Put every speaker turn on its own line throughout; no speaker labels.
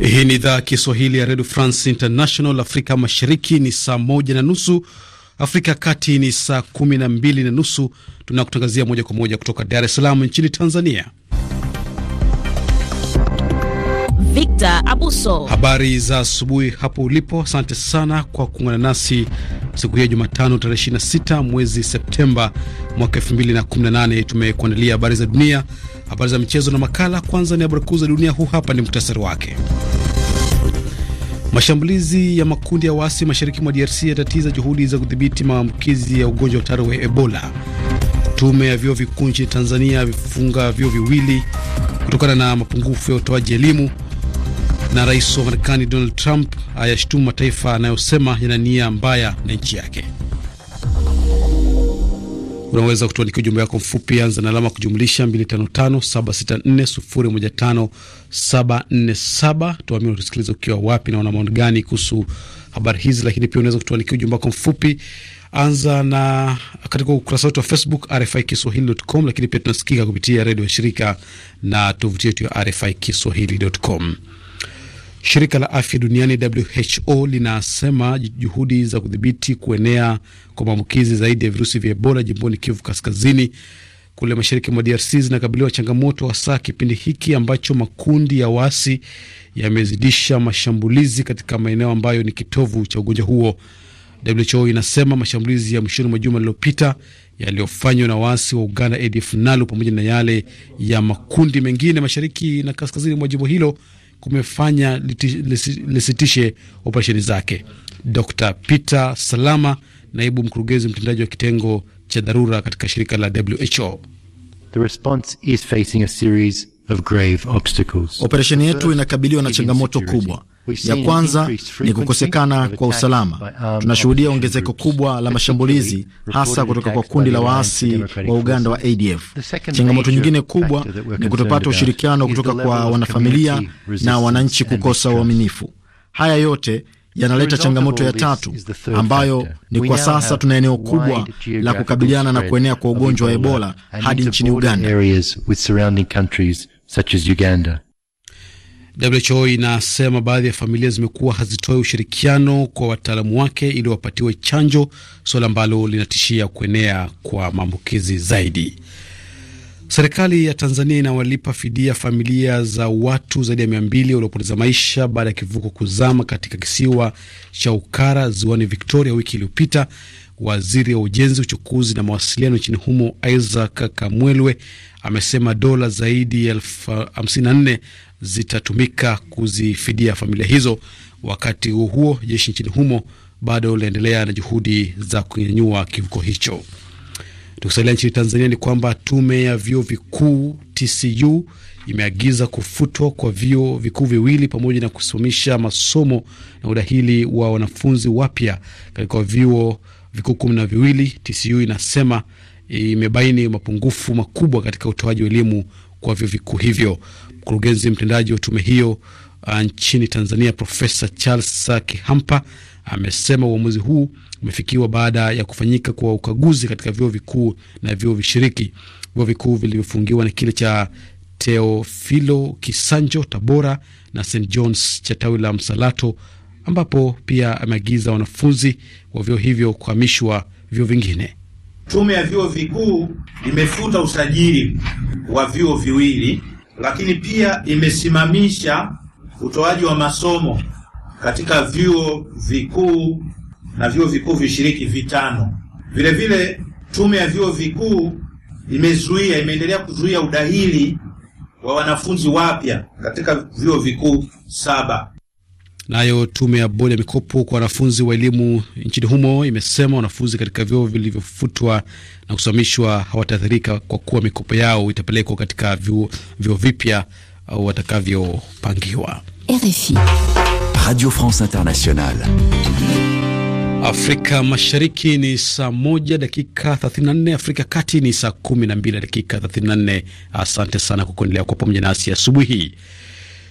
Hii ni idhaa Kiswahili ya redio France International. Afrika Mashariki ni saa moja na nusu, Afrika ya Kati ni saa kumi na mbili na nusu. Tunakutangazia moja kwa moja kutoka Dar es Salaam nchini Tanzania.
Victor Abuso,
habari za asubuhi hapo ulipo. Asante sana kwa kuungana nasi siku hiyo Jumatano tarehe 26 mwezi Septemba mwaka 2018. Tumekuandalia habari za dunia habari za michezo na makala. Kwanza ni habari kuu za dunia, huu hapa ni muhtasari wake. Mashambulizi ya makundi ya waasi mashariki mwa DRC yatatiza juhudi za kudhibiti maambukizi ya ugonjwa hatari wa Ebola. Tume ya vyuo vikuu nchini Tanzania vifunga vyuo viwili kutokana na mapungufu ya utoaji elimu, na rais wa Marekani Donald Trump ayashutumu mataifa anayosema yana nia mbaya na nchi yake. Unaweza kutuandikia ujumbe wako mfupi, anza na alama kujumlisha 255764015747. Tuamini unatusikiliza ukiwa wapi na una maoni gani kuhusu habari hizi, lakini pia unaweza kutuandikia ujumbe wako mfupi, anza na katika ukurasa wetu wa Facebook RFI Kiswahili.com, lakini pia tunasikika kupitia redio ya shirika na tovuti yetu ya RFI Kiswahili.com. Shirika la afya duniani WHO linasema juhudi za kudhibiti kuenea kwa maambukizi zaidi ya virusi vya Ebola jimboni Kivu Kaskazini kule mashariki mwa DRC zinakabiliwa changamoto, hasa kipindi hiki ambacho makundi ya wasi yamezidisha mashambulizi katika maeneo ambayo ni kitovu cha ugonjwa huo. WHO inasema mashambulizi ya mwishoni mwa juma lililopita yaliyofanywa na waasi wa Uganda ADF NALU pamoja na yale ya makundi mengine mashariki na kaskazini mwa jimbo hilo kumefanya lisitishe operesheni zake. Dr Peter Salama, naibu mkurugenzi mtendaji wa kitengo cha dharura katika shirika la WHO. Operesheni yetu
inakabiliwa na changamoto kubwa ya kwanza ni kukosekana kwa usalama. Tunashuhudia ongezeko kubwa la mashambulizi hasa kutoka kwa kundi la waasi wa Uganda wa ADF.
Changamoto nyingine kubwa ni kutopata
ushirikiano kutoka kwa wanafamilia na wananchi kukosa uaminifu. Haya yote yanaleta changamoto ya tatu ambayo ni kwa sasa tuna eneo kubwa la kukabiliana na kuenea kwa ugonjwa wa Ebola hadi nchini Uganda.
WHO inasema baadhi ya familia zimekuwa hazitoi ushirikiano kwa wataalamu wake ili wapatiwe chanjo, suala ambalo linatishia kuenea kwa maambukizi zaidi. Serikali ya Tanzania inawalipa fidia familia za watu zaidi ya mia mbili waliopoteza maisha baada ya kivuko kuzama katika kisiwa cha Ukara ziwani Victoria wiki iliyopita. Waziri wa Ujenzi, Uchukuzi na Mawasiliano nchini humo Isaac Kamwelwe amesema dola zaidi ya elfu hamsini na nne zitatumika kuzifidia familia hizo. Wakati huo huo, jeshi nchini humo bado linaendelea na juhudi za kunyanyua kivuko hicho. Tukisalia nchini Tanzania, ni kwamba tume ya vyuo vikuu TCU imeagiza kufutwa kwa vyuo vikuu viwili pamoja na kusimamisha masomo na udahili wa wanafunzi wapya katika vyuo vikuu kumi na viwili. TCU inasema imebaini mapungufu makubwa katika utoaji wa elimu kwa vyuo vikuu hivyo. Mkurugenzi mtendaji wa tume hiyo uh, nchini Tanzania Profesa Charles Kihampa amesema uamuzi huu umefikiwa baada ya kufanyika kwa ukaguzi katika vyuo vikuu na vyuo vishiriki. Vyuo vikuu vilivyofungiwa na kile cha Teofilo Kisanjo Tabora na St Johns cha tawi la Msalato, ambapo pia ameagiza wanafunzi wa vyuo hivyo kuhamishwa vyuo vingine.
Tume ya vyuo vikuu imefuta usajili wa vyuo viwili lakini pia imesimamisha utoaji wa masomo katika vyuo vikuu na vyuo vikuu vishiriki vitano. Vile vile tume ya vyuo vikuu imezuia, imeendelea kuzuia udahili wa wanafunzi wapya katika vyuo vikuu saba.
Nayo tume ya bodi ya mikopo kwa wanafunzi wa elimu nchini humo imesema wanafunzi katika vyuo vilivyofutwa na kusimamishwa hawataathirika kwa kuwa mikopo yao itapelekwa katika vyuo vipya au watakavyopangiwa.
RFI,
Radio France Internationale.
Afrika Mashariki ni saa moja dakika 34, Afrika Kati ni saa 12 dakika 34. Asante sana kwa kuendelea kwa pamoja nasi asubuhi hii.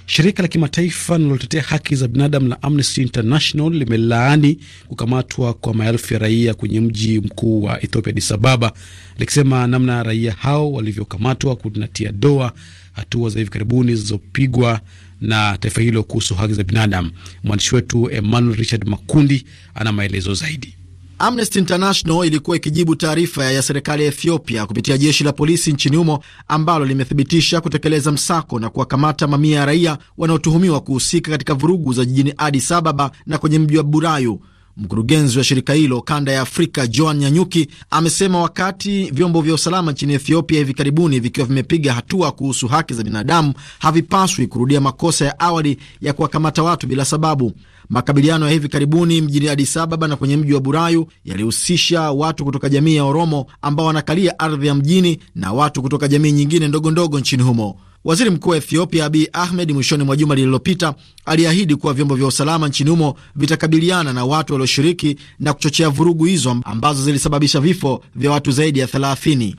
Shirika la kimataifa linalotetea haki za binadamu la Amnesty International limelaani kukamatwa kwa maelfu ya raia kwenye mji mkuu wa Ethiopia, Addis Ababa, likisema namna raia hao walivyokamatwa kunatia doa hatua za hivi karibuni zilizopigwa na taifa hilo kuhusu haki za binadamu. Mwandishi wetu Emmanuel Richard Makundi ana maelezo zaidi. Amnesty International
ilikuwa ikijibu taarifa ya serikali ya Ethiopia kupitia jeshi la polisi nchini humo ambalo limethibitisha kutekeleza msako na kuwakamata mamia ya raia wanaotuhumiwa kuhusika katika vurugu za jijini Addis Ababa na kwenye mji wa Burayu. Mkurugenzi wa shirika hilo kanda ya Afrika Joan Nyanyuki amesema wakati vyombo vya usalama nchini Ethiopia hivi karibuni vikiwa vimepiga hatua kuhusu haki za binadamu, havipaswi kurudia makosa ya awali ya kuwakamata watu bila sababu. Makabiliano ya hivi karibuni mjini Addis Ababa na kwenye mji wa Burayu yalihusisha watu kutoka jamii ya Oromo ambao wanakalia ardhi ya mjini na watu kutoka jamii nyingine ndogo ndogo nchini humo. Waziri Mkuu wa Ethiopia Abiy Ahmed mwishoni mwa juma lililopita aliahidi kuwa vyombo vya usalama nchini humo vitakabiliana na watu walioshiriki na kuchochea vurugu hizo ambazo zilisababisha vifo vya watu zaidi ya 30.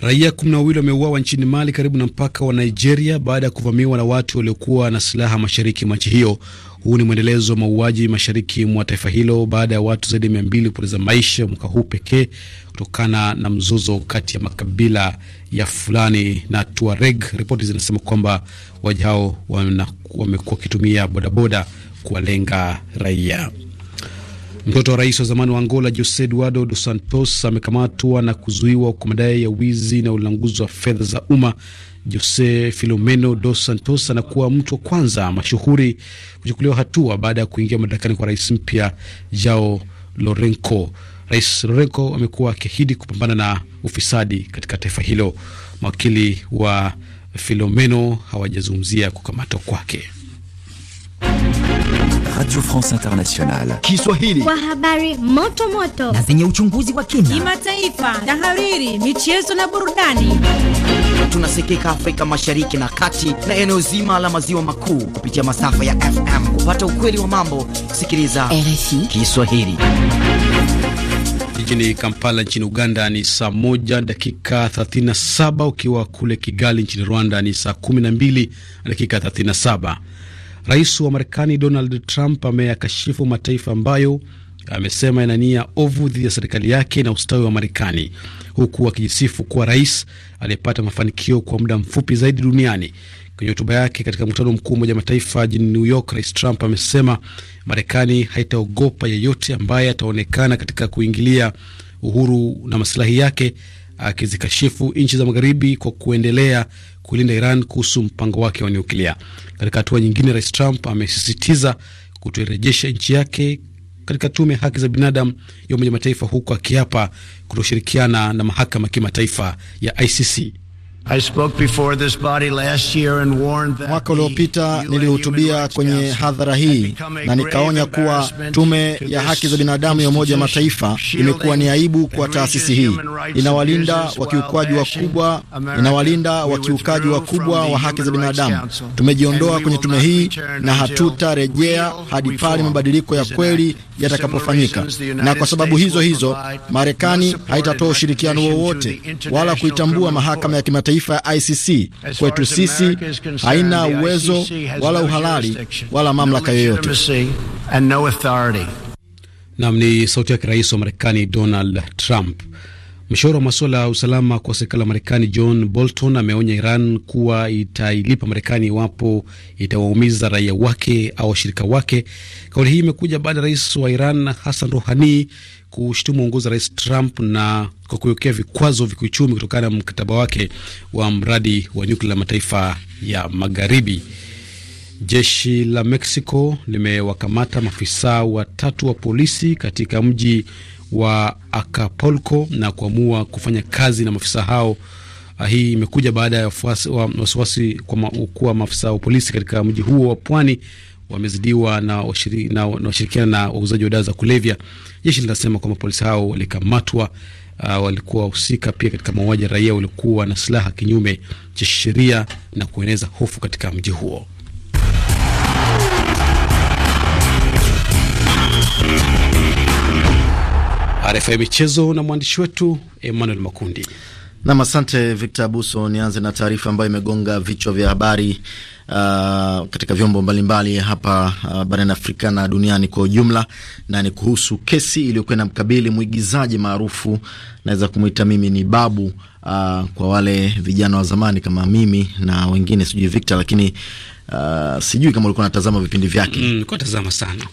Raia kumi na wawili wameuawa nchini Mali karibu na mpaka wa Nigeria baada ya kuvamiwa na watu waliokuwa na silaha mashariki mwa nchi hiyo. Huu ni mwendelezo wa mauaji mashariki mwa taifa hilo baada ya watu zaidi ya mia mbili kupoteza maisha mwaka huu pekee kutokana na mzozo kati ya makabila ya Fulani na Tuareg. Ripoti zinasema kwamba waji hao wamekuwa wakitumia bodaboda kuwalenga raia. Mtoto wa rais wa zamani wa Angola Jose Eduardo dos Santos amekamatwa na kuzuiwa kwa madai ya wizi na ulanguzi wa fedha za umma. Jose Filomeno dos Santos anakuwa mtu wa kwanza mashuhuri kuchukuliwa hatua baada ya kuingia madarakani kwa rais mpya Jao Lorenco. Rais Lorenco amekuwa akiahidi kupambana na ufisadi katika taifa hilo. Mawakili wa Filomeno hawajazungumzia kukamatwa kwake. Radio France Internationale Kiswahili
kwa habari moto moto na
zenye
uchunguzi wa kina,
kimataifa, tahariri, michezo na burudani.
Tunasikika Afrika Mashariki na Kati na eneo zima la maziwa makuu kupitia masafa ya FM.
Kupata ukweli wa mambo, sikiliza
RFI
Kiswahili.
Jijini Kampala nchini Uganda ni saa moja dakika 37, ukiwa kule Kigali nchini Rwanda ni saa 12 dakika 37. Rais wa Marekani Donald Trump ameyakashifu mataifa ambayo amesema yana nia ovu dhidi ya serikali yake na ustawi wa Marekani, huku akijisifu kuwa rais aliyepata mafanikio kwa muda mfupi zaidi duniani. Kwenye hotuba yake katika mkutano mkuu wa Umoja wa Mataifa jijini New York, Rais Trump amesema Marekani haitaogopa yeyote ambaye ataonekana katika kuingilia uhuru na masilahi yake, akizikashifu nchi za Magharibi kwa kuendelea kulinda Iran kuhusu mpango wake wa nyuklia. Katika hatua nyingine, Rais Trump amesisitiza kutoirejesha nchi yake katika tume ya haki za binadamu ya Umoja Mataifa, huku akiapa kutoshirikiana na mahakama kimataifa ya ICC. Mwaka uliopita e nilihutubia kwenye hadhara
hii na nikaonya kuwa tume ya haki za binadamu ya Umoja wa Mataifa imekuwa ni aibu kwa taasisi hii, inawalinda wakiukaji wakubwa, inawalinda wakiukaji wakubwa wa haki za binadamu. Tumejiondoa kwenye tume hii na hatutarejea hadi pale mabadiliko ya kweli yatakapofanyika, na kwa sababu hizo hizo Marekani haitatoa ushirikiano wowote wala kuitambua mahakama ya kimataifa kimataifa ya
ICC kwetu sisi haina uwezo wala uhalali wala mamlaka
yoyote.
Nam ni sauti yake rais wa Marekani Donald Trump. Mshauri wa masuala ya usalama kwa serikali ya Marekani John Bolton ameonya Iran kuwa itailipa Marekani iwapo itawaumiza raia wake au washirika wake. Kauli hii imekuja baada ya rais wa Iran Hassan Rouhani kushtumu uongozi wa Rais Trump na kwa kuwekea vikwazo vya kiuchumi kutokana na mkataba wake wa mradi wa nyuklia la mataifa ya magharibi. Jeshi la Mexico limewakamata maafisa watatu wa polisi katika mji wa Acapulco na kuamua kufanya kazi na maafisa hao. Ah, hii imekuja baada ya wasiwasi kuwa maafisa wa polisi katika mji huo wa pwani wamezidiwa na washirikiana na wauzaji wa dawa za kulevya. Jeshi linasema kwamba polisi hao walikamatwa, uh, walikuwa wahusika pia katika mauaji ya raia waliokuwa na silaha kinyume cha sheria na kueneza hofu katika mji huo.
RFI
michezo na mwandishi wetu Emmanuel Makundi. Nam, asante Victor Abuso. Nianze na taarifa ambayo imegonga vichwa vya habari uh, katika vyombo mbalimbali hapa uh, barani Afrika na duniani kwa ujumla, na ni kuhusu kesi iliyokuwa inamkabili mwigizaji maarufu, naweza kumwita mimi ni babu uh, kwa wale vijana wa zamani kama mimi na wengine, sijui Victor, lakini Uh, sijui kama ulikuwa unatazama vipindi vyake. Mm,
nilikuwa natazama sana.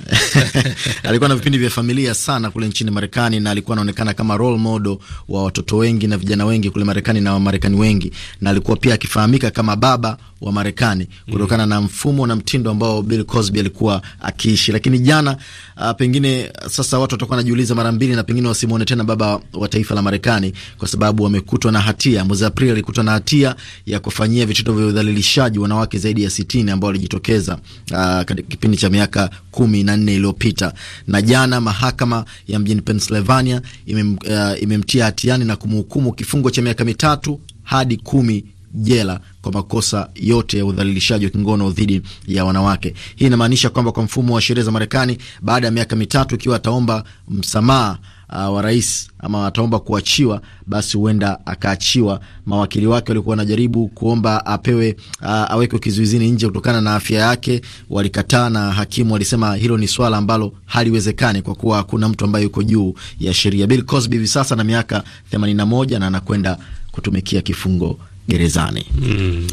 Alikuwa na vipindi vya familia sana kule nchini Marekani na alikuwa anaonekana kama role model wa watoto wengi na vijana wengi kule Marekani na Wamarekani wengi na alikuwa pia akifahamika kama baba wa Marekani mm. kutokana mm, na mfumo na mtindo ambao Bill Cosby alikuwa akiishi. Lakini jana uh, pengine sasa watu watakuwa wanajiuliza mara mbili na pengine wasimuone tena baba wa taifa la Marekani kwa sababu wamekutwa na hatia. Mwezi Aprili alikutwa na hatia ya kufanyia vitendo vya udhalilishaji wanawake zaidi ya sitini 80 ambao walijitokeza ah, katika kipindi cha miaka kumi na nne iliyopita. Na jana mahakama ya mjini Pennsylvania imem, uh, imemtia hatiani na kumhukumu kifungo cha miaka mitatu hadi kumi jela kwa makosa yote ya udhalilishaji wa kingono dhidi ya wanawake. Hii inamaanisha kwamba kwa mfumo wa sheria za Marekani, baada ya miaka mitatu, ikiwa ataomba msamaha uh, wa rais ama ataomba kuachiwa, basi huenda akaachiwa. Mawakili wake walikuwa wanajaribu kuomba apewe, uh, awekwe kizuizini nje kutokana na afya yake, walikataa, na hakimu walisema hilo ni swala ambalo haliwezekani kwa kuwa hakuna mtu ambaye yuko juu ya sheria. Bill Cosby hivi sasa na miaka 81 na anakwenda kutumikia kifungo gerezani. mm.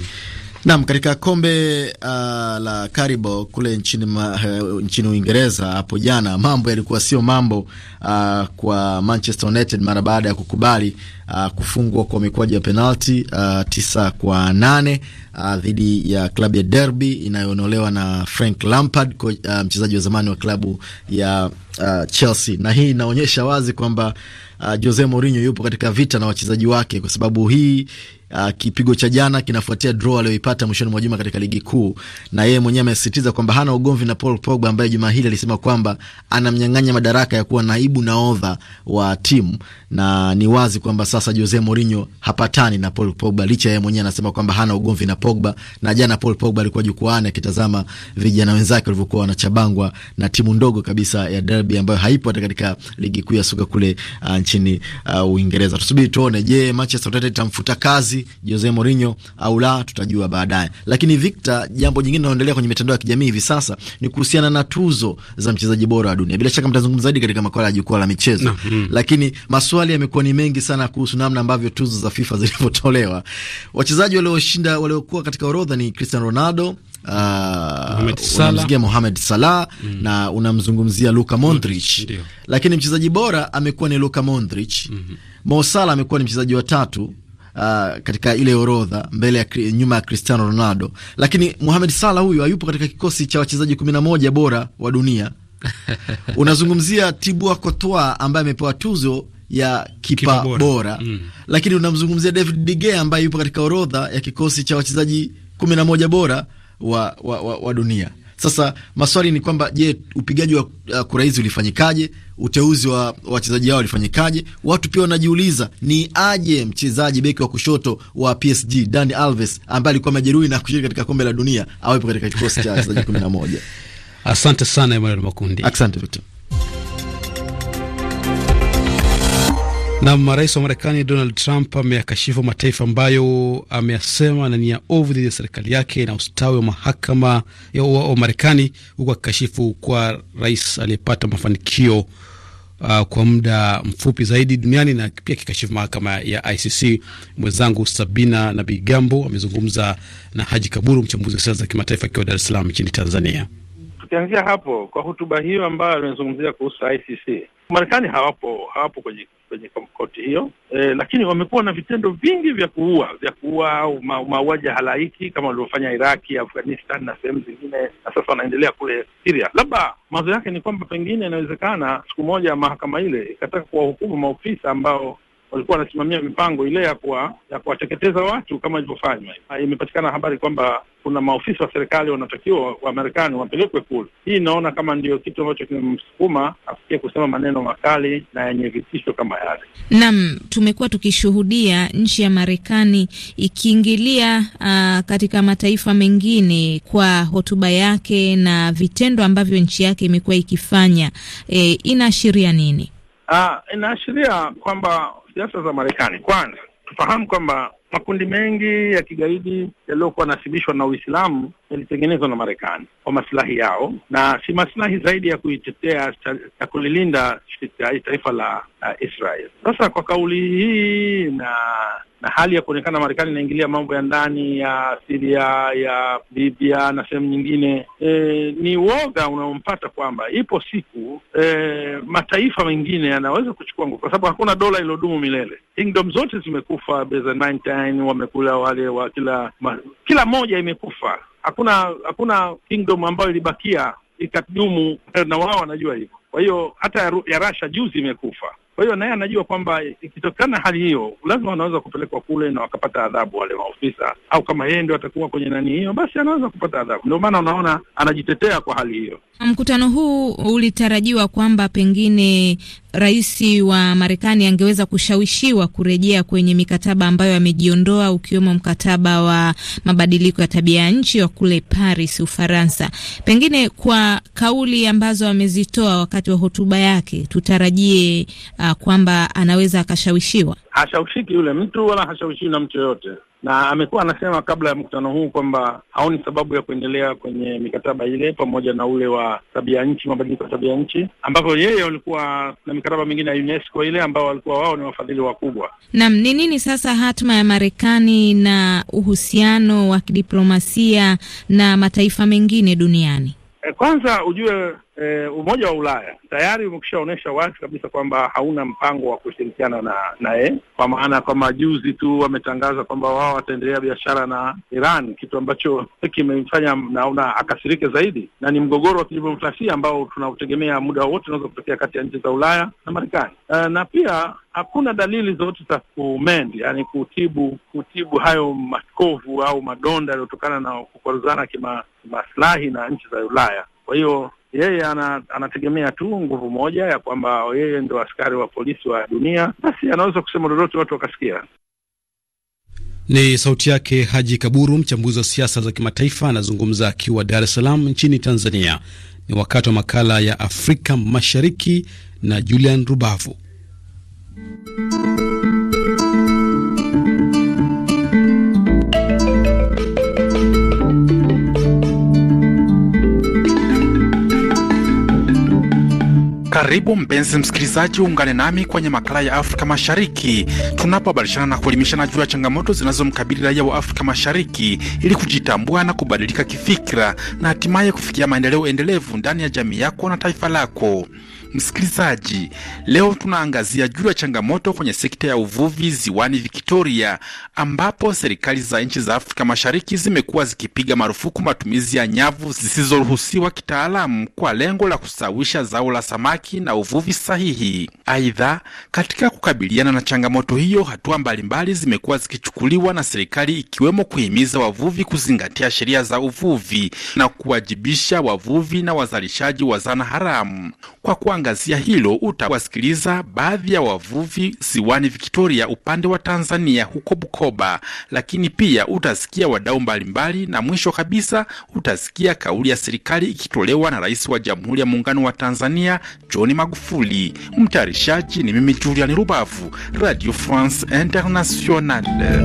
Nam, katika kombe uh, la Karibo kule nchini, ma, uh, nchini Uingereza hapo jana mambo yalikuwa sio mambo uh, kwa Manchester United mara baada ya kukubali uh, kufungwa kwa mikwaji ya penalti uh, tisa kwa nane uh, dhidi ya klabu ya Derby inayoonolewa na Frank Lampard uh, mchezaji wa zamani wa klabu ya uh, Chelsea, na hii inaonyesha wazi kwamba uh, Jose Mourinho yupo katika vita na wachezaji wake kwa sababu hii Uh, kipigo cha jana kinafuatia draw aliyoipata mwishoni mwa juma katika ligi kuu, na yeye mwenyewe amesisitiza kwamba hana ugomvi na Paul Pogba ambaye juma hili alisema kwamba anamnyang'anya madaraka ya kuwa naibu nahodha wa timu, na ni wazi kwamba sasa Jose Mourinho hapatani na Paul Pogba, licha yeye mwenyewe anasema kwamba hana ugomvi na Pogba. Na jana Paul Pogba alikuwa jukwaani akitazama vijana wenzake walivyokuwa wanachabangwa na timu ndogo kabisa ya Derby ambayo haipo hata katika ligi kuu ya soka kule uh, nchini uh, Uingereza. Tusubiri tuone, je, Manchester United itamfuta kazi uongozi Jose Mourinho au la, tutajua baadaye. Lakini Victor, jambo jingine linaloendelea kwenye mitandao ya kijamii hivi sasa ni kuhusiana na tuzo za mchezaji bora wa dunia. Bila shaka mtazungumza zaidi katika makala ya jukwaa la michezo no. mm. Lakini maswali yamekuwa ni mengi sana kuhusu namna ambavyo tuzo za FIFA zilivyotolewa. Wachezaji walioshinda waliokuwa katika orodha ni Cristiano Ronaldo unamzungumzia uh, Mohamed Salah mm. na unamzungumzia Luka hmm. Modric mm. Lakini mchezaji bora amekuwa ni Luka Modric mm -hmm. Mo Salah amekuwa ni mchezaji wa tatu uh, katika ile orodha mbele ya nyuma ya Cristiano Ronaldo, lakini Mohamed Salah huyu hayupo katika kikosi cha wachezaji kumi na moja bora wa dunia. Unazungumzia Thibaut Courtois ambaye amepewa tuzo ya kipa, kipa bora, bora. Mm. Lakini unamzungumzia David De Gea ambaye yupo katika orodha ya kikosi cha wachezaji kumi na moja bora wa, wa, wa, wa dunia. Sasa maswali ni kwamba, je, upigaji wa uh, kura hizi ulifanyikaje? Uteuzi wa wachezaji hao ulifanyikaje? Watu pia wanajiuliza ni aje mchezaji beki wa kushoto wa PSG Dani Alves ambaye alikuwa majeruhi na kushiriki katika kombe la dunia awepo katika kikosi cha wachezaji 11.
Asante sana Emmanuel Makundi. Asante Victor. Nam, rais wa Marekani Donald Trump ameyakashifu mataifa ambayo ameyasema na nia ovu dhidi ya serikali yake na ustawi wa mahakama wa Marekani, huku akikashifu kwa rais aliyepata mafanikio uh, kwa muda mfupi zaidi duniani na pia kikashifu mahakama ya ICC. Mwenzangu Sabina na Bigambo amezungumza na Haji Kaburu, mchambuzi wa siasa za kimataifa akiwa Dar es Salaam nchini Tanzania.
Tukianzia hapo kwa hotuba hiyo ambayo amezungumzia kuhusu ICC Marekani hawapo hawapo kwenye kwenye koti hiyo e, lakini wamekuwa na vitendo vingi vya kuua vya kuua mauaji ya halaiki kama walivyofanya Iraki, Afghanistan na sehemu zingine, na sasa wanaendelea kule siria Labda mawazo yake ni kwamba pengine inawezekana siku moja mahakama ile ikataka kuwahukumu maofisa ambao walikuwa wanasimamia mipango ile ya kuwa, ya kuwateketeza watu kama ilivyofanywa. Ah, imepatikana habari kwamba kuna maofisa wa serikali wanatakiwa wa Marekani wapelekwe kule. Hii inaona kama ndio kitu ambacho kimemsukuma afikie kusema maneno makali na yenye vitisho kama
yale.
Naam, tumekuwa tukishuhudia nchi ya Marekani ikiingilia uh, katika mataifa mengine kwa hotuba yake na vitendo ambavyo nchi yake imekuwa ikifanya. E, inaashiria nini?
Ah, inaashiria kwamba siasa za Marekani, kwanza tufahamu kwamba Makundi mengi ya kigaidi yaliyokuwa nasibishwa na Uislamu yalitengenezwa na Marekani kwa masilahi yao, na si masilahi zaidi ya kuitetea ya kulilinda taifa la uh, Israel. Sasa kwa kauli hii na na hali ya kuonekana Marekani inaingilia mambo ya ndani ya Siria ya Libya na sehemu nyingine, e, ni woga unaompata kwamba ipo siku e, mataifa mengine yanaweza kuchukua nguvu, kwa sababu hakuna dola iliyodumu milele. Kingdom zote zimekufa nine wamekula wale wa kila ma, kila moja imekufa, hakuna hakuna kingdom ambayo ilibakia ikadumu, na wao wanajua hivyo. Kwa hiyo hata ya, rasha Russia juzi imekufa kwa hiyo naye anajua kwamba ikitokana hali hiyo, lazima wanaweza kupelekwa kule na wakapata adhabu wale maofisa, au kama yeye ndio atakuwa kwenye nani hiyo, basi anaweza kupata adhabu. Ndio maana unaona anajitetea kwa hali hiyo.
Mkutano huu ulitarajiwa kwamba pengine rais wa Marekani angeweza kushawishiwa kurejea kwenye mikataba ambayo amejiondoa ukiwemo mkataba wa mabadiliko ya tabia ya nchi wa kule Paris, Ufaransa. Pengine kwa kauli ambazo amezitoa wakati wa hotuba yake, tutarajie uh, kwamba anaweza akashawishiwa.
Hashawishiki yule mtu wala hashawishiwi na mtu yoyote na amekuwa anasema kabla ya mkutano huu kwamba haoni sababu ya kuendelea kwenye mikataba ile pamoja na ule wa tabia nchi, mabadiliko ya tabia nchi, ambapo yeye walikuwa na mikataba mingine ya UNESCO ile ambao walikuwa wao ni wafadhili wakubwa.
Naam, ni nini sasa hatma ya Marekani na uhusiano wa kidiplomasia na mataifa mengine duniani?
Eh, kwanza ujue e, Umoja wa Ulaya tayari umekushaonyesha wazi kabisa kwamba hauna mpango wa kushirikiana na naye, kwa maana kwa juzi tu wametangaza kwamba wao wataendelea biashara na Iran, kitu ambacho kimemfanya naona akasirike zaidi, na ni mgogoro wa kidiplomasia ambao tunautegemea muda wote unaweza kutokea kati ya nchi za Ulaya na Marekani e, na pia hakuna dalili zote za kumendi, yani kutibu kutibu hayo makovu au madonda yaliyotokana na kukwaruzana kimaslahi kima na nchi za Ulaya. Kwa hiyo yeye ana, anategemea tu nguvu moja ya kwamba yeye ndo askari wa polisi wa dunia, basi anaweza kusema lolote watu wakasikia.
Ni sauti yake Haji Kaburu, mchambuzi wa siasa za kimataifa, anazungumza akiwa Dar es Salaam nchini Tanzania. Ni wakati wa makala ya Afrika Mashariki na Julian Rubavu.
Karibu mpenzi msikilizaji, uungane nami kwenye makala ya Afrika Mashariki tunapobadilishana na kuelimishana juu ya changamoto zinazomkabili raia wa Afrika Mashariki ili kujitambua na kubadilika kifikira na hatimaye kufikia maendeleo endelevu ndani ya jamii yako na taifa lako. Msikilizaji, leo tunaangazia juu ya changamoto kwenye sekta ya uvuvi ziwani Victoria, ambapo serikali za nchi za Afrika Mashariki zimekuwa zikipiga marufuku matumizi ya nyavu zisizoruhusiwa kitaalamu kwa lengo la kusawisha zao la samaki na uvuvi sahihi. Aidha, katika kukabiliana na changamoto hiyo, hatua mbalimbali zimekuwa zikichukuliwa na serikali, ikiwemo kuhimiza wavuvi kuzingatia sheria za uvuvi na kuwajibisha wavuvi na wazalishaji wa zana haramu kwa kuangazia hilo utawasikiliza baadhi ya wavuvi ziwani Victoria upande wa Tanzania huko Bukoba, lakini pia utasikia wadau mbalimbali, na mwisho kabisa utasikia kauli ya serikali ikitolewa na Rais wa Jamhuri ya Muungano wa Tanzania John Magufuli. Mtayarishaji ni mimi Julian Rubavu, Radio France Internationale.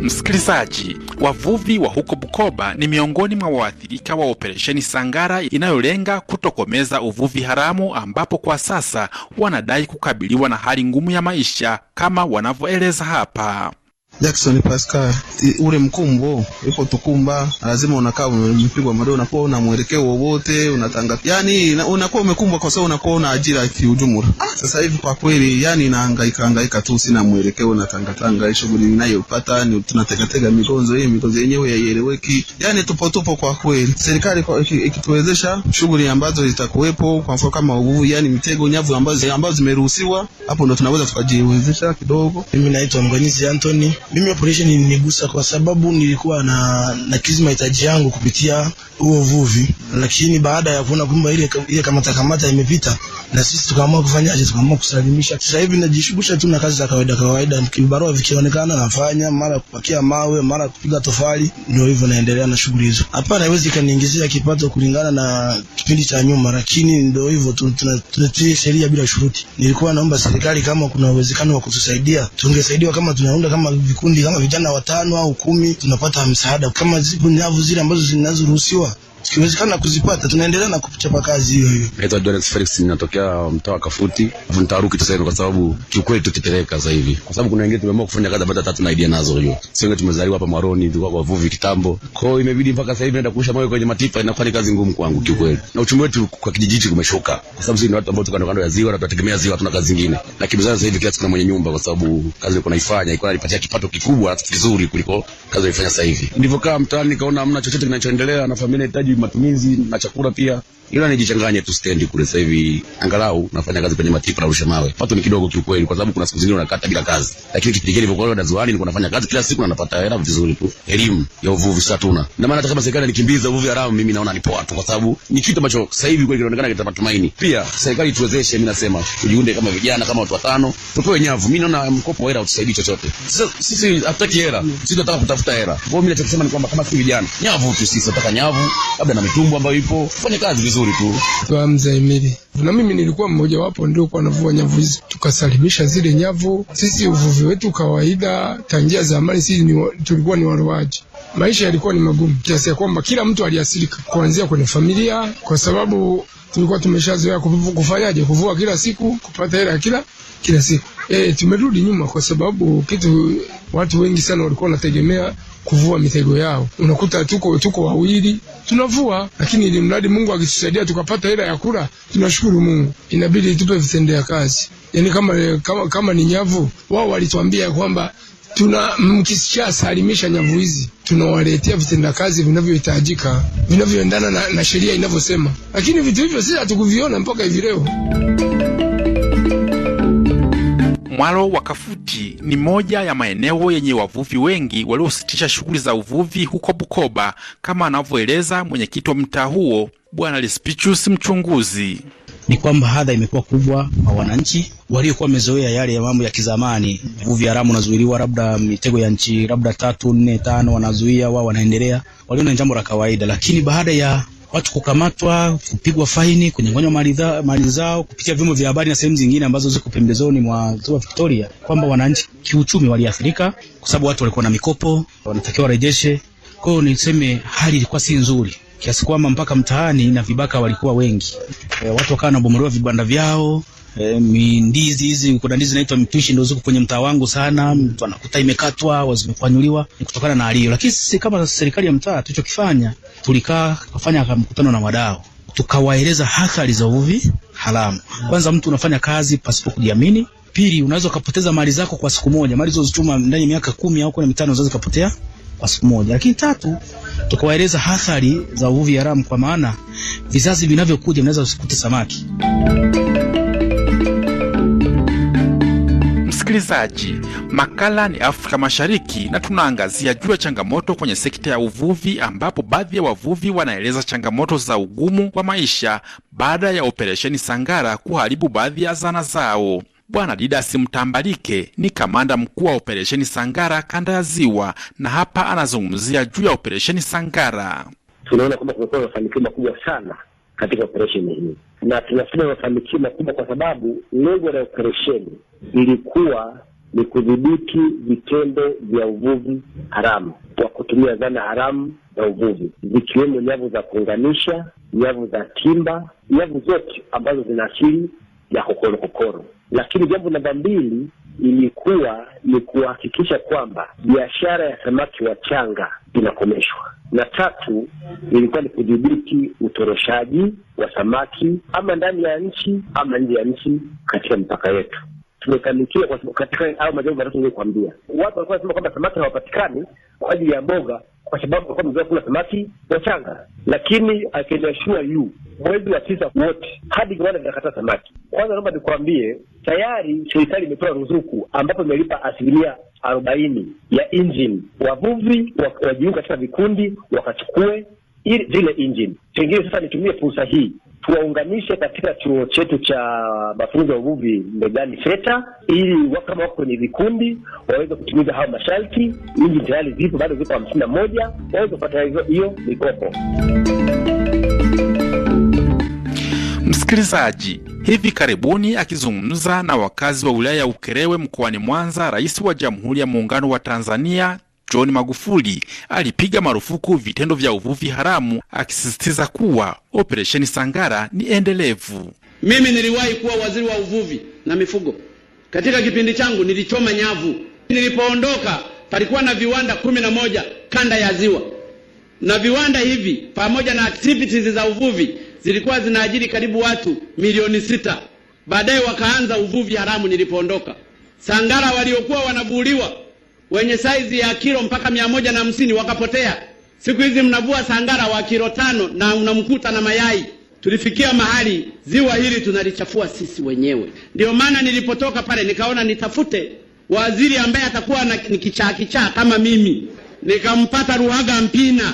Msikilizaji Wavuvi wa huko Bukoba ni miongoni mwa waathirika wa operesheni Sangara inayolenga kutokomeza uvuvi haramu, ambapo kwa sasa wanadai kukabiliwa na hali ngumu ya maisha kama wanavyoeleza
hapa. Jackson Pascal ule mkumbo yuko tukumba, lazima unakaa umepigwa madoa, unakuwa una mwelekeo wowote, unatanga yani unakuwa umekumbwa kwa sababu unakuwa una ajira kiujumla. Ah, sasa hivi kwa kweli yani inahangaika hangaika tu, sina mwelekeo, natanga tanga, shughuli ninayopata ni tunategatega migonzo hii, migonzo yenyewe haieleweki, yani tupo tupo kwa kweli. Serikali ikituwezesha shughuli ambazo zitakuwepo, kwa mfano kama
uvuvi, yani mitego nyavu ambazo ambazo zimeruhusiwa, hapo ndo tunaweza tukajiwezesha kidogo. Mimi naitwa Mgonizi Anthony mimi operation ilinigusa kwa sababu nilikuwa na nakidhi mahitaji yangu kupitia huo uvuvi, lakini baada ya kuona kwamba ile ile kamata kamata imepita, na sisi tukaamua kufanyaje? Tukaamua kusalimisha. Sasa hivi najishughulisha tu na kazi za kawaida kawaida, kibarua vikionekana nafanya, mara kupakia mawe, mara kupiga tofali, ndio hivyo, naendelea na shughuli hizo. Hapa haiwezi kaniingizia kipato kulingana na kipindi cha nyuma, lakini ndio hivyo, tunatii sheria bila shuruti. Nilikuwa naomba serikali kama kuna uwezekano wa kutusaidia, tungesaidiwa kama tunaunda kama vikundi kama vijana watano au kumi, tunapata msaada kama zipo nyavu zile ambazo zinazoruhusiwa Ikiwezekana kuzipata, tunaendelea na kuchapa kazi hiyo hiyo.
Naitwa Dorex Felix, ninatokea mtaa wa Kafuti, Vuntaruki, tu sasa, kwa sababu kiukweli tutetereka sasa hivi, kwa sababu kuna wengine tumeamua kufanya kazi baada tatu na idea nazo. Hiyo sio wengine, tumezaliwa hapa Maroni, tulikuwa wavuvi kitambo, kwa hiyo imebidi mpaka sasa hivi naenda kurusha mawe kwenye matipa, inakuwa ni kazi ngumu kwangu kiukweli. Na uchumi wetu kwa kijiji hichi kumeshuka, kwa sababu sisi ni watu ambao tuko kando ya ziwa na tunategemea ziwa, hatuna kazi nyingine. Na kibizana sasa hivi kila siku na mwenye nyumba, kwa sababu kazi iko naifanya iko inanipatia kipato kikubwa kizuri kuliko kazi naifanya sasa hivi. Ndivyo kama mtaani, nikaona hamna chochote kinachoendelea na familia inahitaji matumizi na chakula pia ila nijichanganye tu stendi kule. Sasa hivi angalau nafanya kazi kwenye matipa na rusha mawe, pato ni kidogo kiukweli, kwa sababu kuna siku zingine unakata bila kazi, lakini kipindi kile nilipokuwa zuani nilikuwa nafanya kazi kila siku na napata hela vizuri tu. Elimu ya uvuvi sasa tuna na maana, hata kama serikali nikimbiza uvuvi haramu, mimi naona nipo watu, kwa sababu ni kitu ambacho sasa hivi kweli kinaonekana kitapata matumaini. Pia serikali tuwezeshe, mimi nasema tujiunde kama vijana, kama watu watano, tupewe nyavu. Mimi naona mkopo wa hela utusaidie chochote. sisi hatutaki hela, sisi tunataka kutafuta hela. Kwa hiyo mimi nachosema ni kwamba kama si vijana, nyavu tu, sisi tunataka nyavu, labda na mitumbo ambayo ipo, fanye kazi vizuri vizuri
tu. Hamza Emili, na mimi nilikuwa mmoja wapo ndio kwa navua nyavu hizi, tukasalimisha zile nyavu. Sisi uvuvi wetu kawaida tangia zamani, sisi ni, tulikuwa ni waroaji maisha yalikuwa ni magumu kiasi ya kwamba kila mtu aliasilika kuanzia kwenye familia, kwa sababu tulikuwa tumeshazoea kufanyaje, kuvua kila siku, kupata hela kila kila siku. E, tumerudi nyuma kwa sababu kitu watu wengi sana walikuwa wanategemea kuvua mitego yao. Unakuta tuko tuko wawili tunavua, lakini ili mradi Mungu akitusaidia tukapata hela ya kula, tunashukuru Mungu. Inabidi tupe vitendea kazi. Yani kama, kama, kama ni nyavu, wao walituambia kwamba tuna mkisha salimisha nyavu hizi tunawaletea vitenda kazi vinavyohitajika vinavyoendana na, na sheria inavyosema, lakini vitu hivyo sisi hatukuviona mpaka hivi leo. Mwalo wa Kafuti ni moja ya maeneo yenye wavuvi wengi waliositisha shughuli za uvuvi huko Bukoba, kama anavyoeleza mwenyekiti wa mtaa huo Bwana Lispichus Mchunguzi.
Ni kwamba hadha imekuwa kubwa kwa wananchi waliokuwa wamezoea yale ya mambo ya kizamani. Uvuvi haramu unazuiliwa, labda mitego ya nchi labda tatu nne tano, wanazuia wao, wanaendelea waliona jambo la kawaida, lakini baada ya watu kukamatwa, kupigwa faini, kunyang'anywa mali zao kupitia vyombo vya habari na sehemu zingine ambazo ziko pembezoni mwa ziwa Victoria, kwamba wananchi kiuchumi waliathirika kwa sababu watu walikuwa na mikopo, wanatakiwa warejeshe. Kwa hiyo niseme hali ilikuwa si nzuri kiasi kwamba mpaka mtaani na vibaka walikuwa wengi. E, watu wakawa wanabomolewa vibanda vyao. E, eh, ndizi hizi, kuna ndizi inaitwa mpishi, ndio ziko kwenye mtaa wangu sana. Mtu anakuta imekatwa au zimefanyuliwa, kutokana na alio. Lakini sisi kama serikali ya mtaa tulichokifanya, tulikaa kufanya mkutano na wadau, tukawaeleza hatari za uvuvi haramu. Kwanza, mtu unafanya kazi pasipo kujiamini. Pili, unaweza ukapoteza mali zako kwa siku moja, mali ulizozichuma ndani ya miaka kumi au kumi na mitano zinaweza zikapotea kwa siku moja. Lakini tatu, tukawaeleza hatari za uvuvi haramu, kwa maana vizazi vinavyokuja vinaweza kukuta samaki. msikilizaji, makala
ni Afrika Mashariki na tunaangazia juu ya changamoto kwenye sekta ya uvuvi, ambapo baadhi ya wavuvi wanaeleza changamoto za ugumu wa maisha baada ya operesheni Sangara kuharibu baadhi ya zana zao. Bwana Didas Mtambalike ni kamanda mkuu wa operesheni Sangara kanda ya Ziwa, na hapa anazungumzia juu ya operesheni Sangara.
Tunaona kwamba kumekuwa mafanikio makubwa sana katika operesheni hii, na tunasema mafanikio makubwa kwa sababu lengo la operesheni ilikuwa ni kudhibiti vitendo vya uvuvi haramu kwa kutumia zana haramu za uvuvi zikiwemo nyavu za kuunganisha, nyavu za timba, nyavu zote ambazo zina asili ya kokoro kokoro. Lakini jambo namba mbili ilikuwa ni kuhakikisha kwamba biashara ya samaki wa changa inakomeshwa, na tatu ilikuwa ni kudhibiti utoroshaji wa samaki ama ndani ya nchi ama nje ya nchi katika mipaka yetu tumekamilishiwa kwa sababu katika au majambo matatu niliyokuambia, watu walikuwa wanasema kwamba samaki hawapatikani kwa ajili ya mboga kwa sababu walikuwa wamezoea kula samaki wachanga, lakini I can assure you mwezi wa tisa wote hadi viwanda vinakataa samaki. Kwanza naomba nikuambie, tayari serikali imetoa ruzuku ambapo imelipa asilimia arobaini ya injini. Wavuvi wajiunga katika vikundi wakachukue zile injini. Pengine sasa nitumie fursa hii tuwaunganishe katika chuo chetu cha mafunzo ya uvuvi Mbegani FETA, ili kama wako kwenye vikundi waweze kutimiza hayo masharti. Nchi tayari zipo, bado zipo hamsini na moja, waweze kupata hiyo mikopo. Msikilizaji,
hivi karibuni akizungumza na wakazi wa wilaya ya Ukerewe mkoani Mwanza, Rais wa Jamhuri ya Muungano wa Tanzania John Magufuli alipiga marufuku vitendo vya uvuvi haramu, akisisitiza kuwa operesheni Sangara ni endelevu.
Mimi niliwahi kuwa waziri wa uvuvi na mifugo. Katika kipindi changu nilichoma nyavu. Nilipoondoka palikuwa na viwanda kumi na moja kanda ya Ziwa, na viwanda hivi pamoja na activities za uvuvi zilikuwa zinaajiri karibu watu milioni sita. Baadaye wakaanza uvuvi haramu nilipoondoka. Sangara waliokuwa wanavuliwa wenye saizi ya kilo mpaka mia moja na hamsini wakapotea. Siku hizi mnavua sangara wa kilo tano na unamkuta na mayai. Tulifikia mahali ziwa hili tunalichafua sisi wenyewe. Ndio maana nilipotoka pale nikaona nitafute waziri ambaye atakuwa na kichaa kichaa kama mimi. Nikampata Ruhaga Mpina.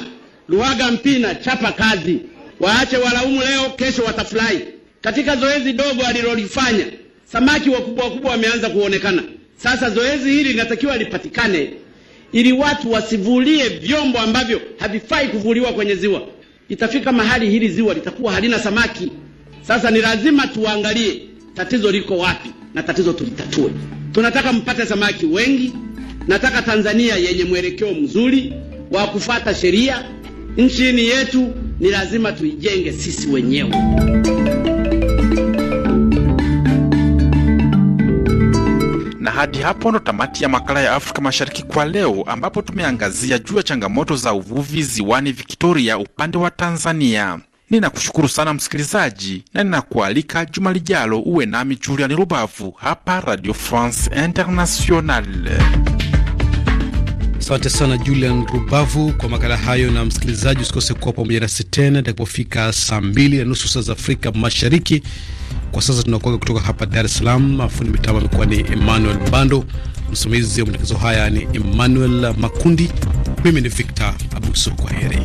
Ruhaga Mpina, chapa kazi, waache walaumu leo, kesho watafurahi. Katika zoezi dogo alilolifanya, samaki wakubwa wakubwa wameanza kuonekana. Sasa zoezi hili linatakiwa lipatikane ili watu wasivulie vyombo ambavyo havifai kuvuliwa kwenye ziwa. Itafika mahali hili ziwa litakuwa halina samaki. Sasa ni lazima tuangalie tatizo liko wapi na tatizo tulitatue. Tunataka mpate samaki wengi, nataka Tanzania yenye mwelekeo mzuri wa kufata sheria. Nchini yetu ni lazima tuijenge sisi wenyewe.
Na hadi hapo ndo tamati ya makala ya Afrika Mashariki kwa leo, ambapo tumeangazia juu ya changamoto za uvuvi ziwani Victoria upande wa Tanzania. Ninakushukuru sana msikilizaji, na ninakualika juma lijalo uwe nami Julian Rubavu hapa Radio France Internationale.
Asante sana Julian Rubavu kwa makala hayo. Na msikilizaji, usikose kuwa pamoja nasi tena itakapofika saa mbili na nusu saa za Afrika Mashariki. Kwa sasa tunakuaga kutoka hapa Dar es Salaam. Afundi mitambo amekuwa ni Emmanuel bando msimamizi wa matangazo haya ni Emmanuel Makundi, mimi ni Victor Abuso. Kwa heri.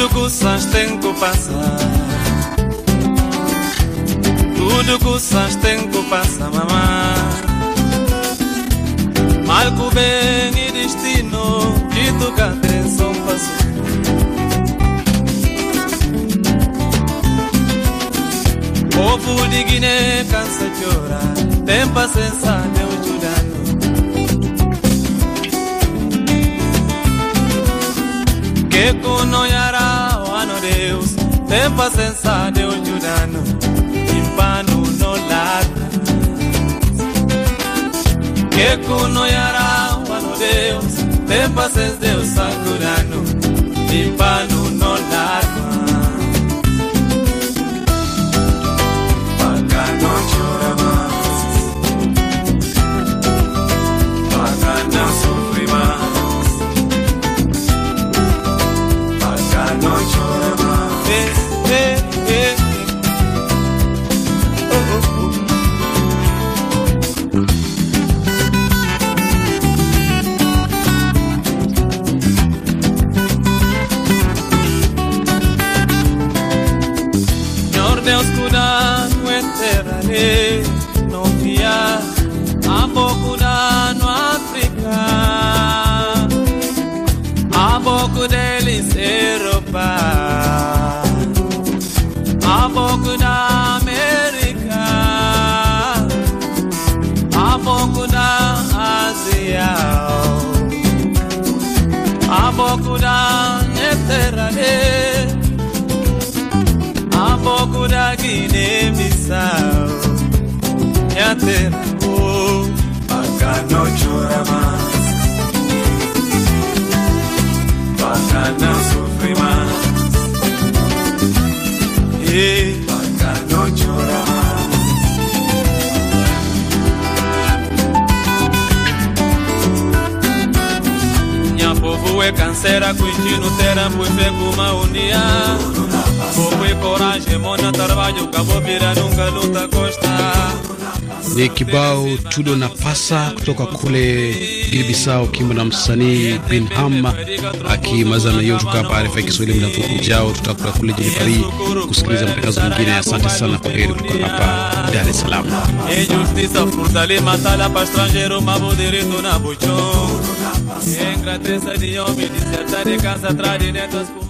Tudo que sás tem que passar Tudo que sás tem que passar, mamá Marco bem e destino E tu cá atenção passou Povo de Guiné cansa de orar Tem paciência, meu te dá que con tempa senza de ognuno impano no lata que kuno yara wano deus tempa senza deus sacurano impano sal ya o paca não chora mais, paca não sofre mais. E paca não chora Minha povo é canseira, cuitino, terá, pois é uma união.
Ni kibao tudo na pasa kutoka kule Gilibisao kimbo na msanii Bin Hamma akimaliza na hiyo. Tukapa arifa ya Kiswahili mnapo ujao, tutakula kule jijini kusikiliza kusikiliza matangazo mengine. Asante sana, kwa heri kutoka hapa Dar es
Salaam.
E